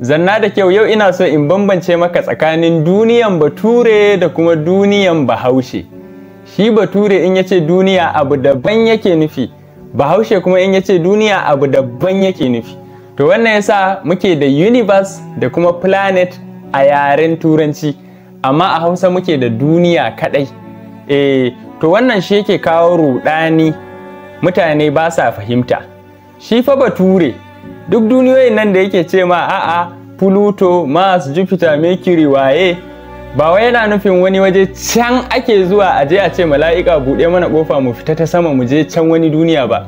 Zanna da kyau yau ina so in bambance maka tsakanin duniyan bature da kuma duniyan bahaushe. Shi bature in yace duniya abu daban yake nufi, bahaushe kuma in yace duniya abu daban yake nufi. To wannan yasa muke da universe da kuma planet a yaren turanci, amma a hausa muke da duniya kadai. Eh to wannan shi yake kawo rudani mutane ba sa fahimta. Shi fa bature duk duniyoyin nan da yake ce ma a'a pluto mars jupiter mercury waye ba wai yana nufin wani waje can ake zuwa a je a ce mala'ika buɗe mana ƙofa mu fita ta sama mu je can wani duniya ba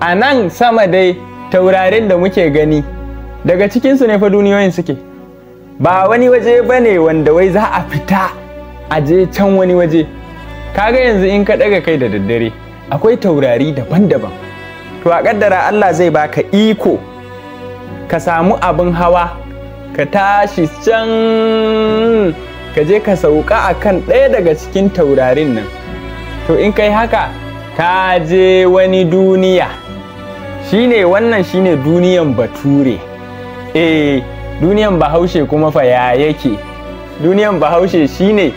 a nan sama dai taurarin da muke gani daga cikinsu ne fa duniyoyin suke ba wani waje ba ne wanda wai za a fita a je can wani waje kaga yanzu in ka ɗaga kai da daddare akwai taurari daban-daban to a kaddara Allah zai baka iko ka samu abin hawa ka tashi can ka je ka sauka a kan ɗaya daga cikin taurarin nan to in kai haka ka je wani duniya shine wannan shine duniyan bature eh duniyan bahaushe kuma fa ya yake duniyan bahaushe shine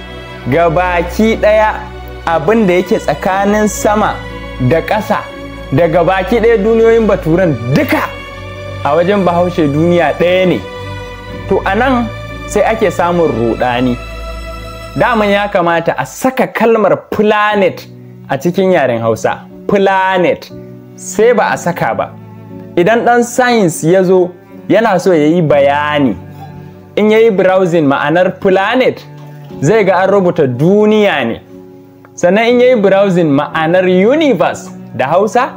baki ɗaya abin da yake tsakanin sama da ƙasa daga baki ɗaya duniyoyin baturan duka a wajen bahaushe duniya ɗaya ne to a nan sai ake samun ruɗani daman ya kamata a saka kalmar planet a cikin yaren hausa planet sai ba a saka ba idan ɗan science ya zo yana so ya yi bayani in ya yi browsing ma'anar planet zai ga an rubuta duniya ne sannan in ya yi browsing ma'anar universe da hausa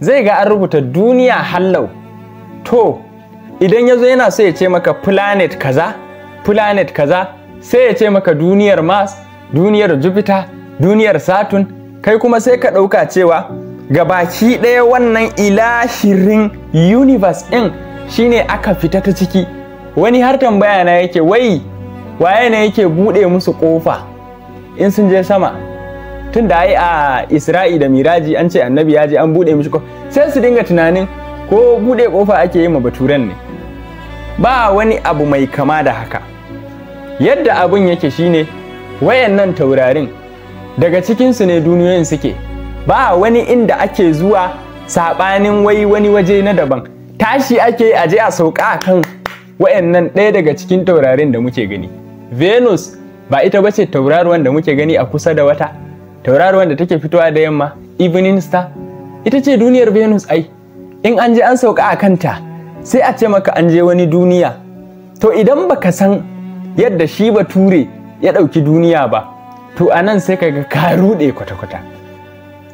zai ga an rubuta duniya hallau to idan ya zo yana so ya ce maka planet kaza planet kaza sai ya ce maka duniyar mars duniyar jupiter duniyar saturn kai kuma sai ka ɗauka cewa ga baki ɗaya wannan ilashirin universe ɗin shine aka fita ta ciki wani har tambaya na yake wai waye ne yake buɗe musu ƙofa in sun je sama tun da ai a isra'i da miraji an ce annabi ya je an buɗe mishi ko sai su dinga tunanin ko buɗe kofa ake yi ma baturen ne ba wani abu mai kama da haka yadda abun yake shine wayannan taurarin daga cikinsu ne duniyoyin suke ba wani inda ake zuwa saɓanin wai wani waje na daban tashi ake aje a sauka a kan wayannan ɗaya daga cikin taurarin da muke gani venus ba ita bace tauraruwan da muke gani a kusa da wata tauraruwan da take fitowa da yamma evening star ita ce duniyar venus ai in an je an sauka a kanta sai a ce maka an je wani duniya to idan baka san yadda shi bature ya ɗauki duniya ba to a nan sai ga ka ruɗe kwata-kwata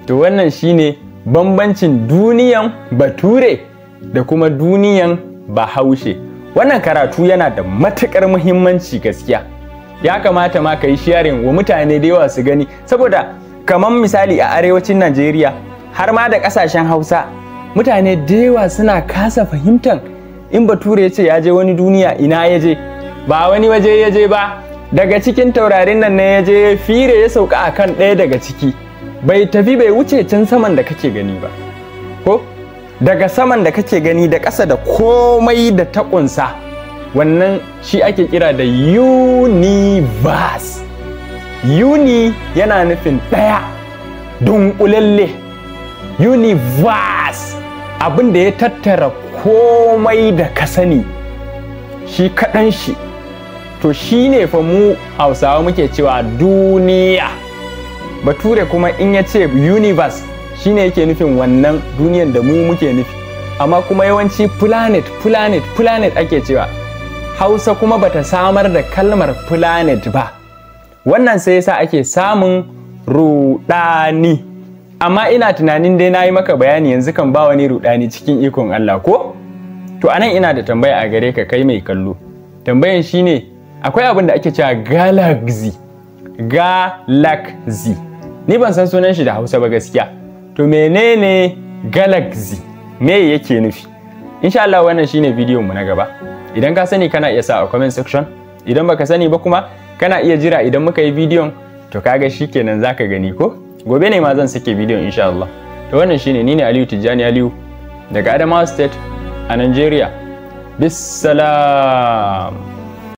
to wannan shine bambancin duniyan bature da kuma duniyan bahaushe wannan karatu yana da matuƙar muhimmanci gaskiya ya kamata ma ka yi sharing wa mutane da yawa su gani saboda kamar misali a arewacin najeriya har ma da kasashen hausa mutane da yawa suna kasa fahimtar in bature ya ce ya je wani duniya ina ya je ba wani waje ya je ba daga cikin taurarin nan ne ya je ya fire ya sauka a kan ɗaya daga ciki bai tafi bai wuce can saman da kake gani ba ko daga saman da kake gani da ƙasa da komai da ta ƙunsa wannan shi ake kira da universe uni yana nufin ɗaya dunkulalle universe abin da ya tattara komai da ka sani shi kaɗan shi to shi ne fa mu hausawa muke cewa duniya bature kuma in ya ce universe shi ne yake nufin wannan duniyan da mu muke nufi amma kuma yawanci planet planet planet ake cewa hausa kuma bata samar da kalmar planet ba wannan sai yasa ake samun rudani amma ina tunanin dai na yi maka bayani yanzu kan ba wani rudani cikin ikon Allah ko to anan ina da tambaya a gare ka kai mai kallo tambayan shine akwai abin da ake cewa galaxy galaxy ni ban san sunan shi da hausa ba gaskiya to menene galaxy me yake nufi insha Allah wannan shine bidiyon mu na gaba idan ka sani kana iya sa a comment section idan baka sani ba kuma kana iya jira idan muka yi bidiyon to kaga shikenan zaka gani ko gobe ne ma zan sake bidiyon insha Allah to wannan shine ni ne Aliyu Tijjani Aliyu daga Adamawa State a Nigeria bisalam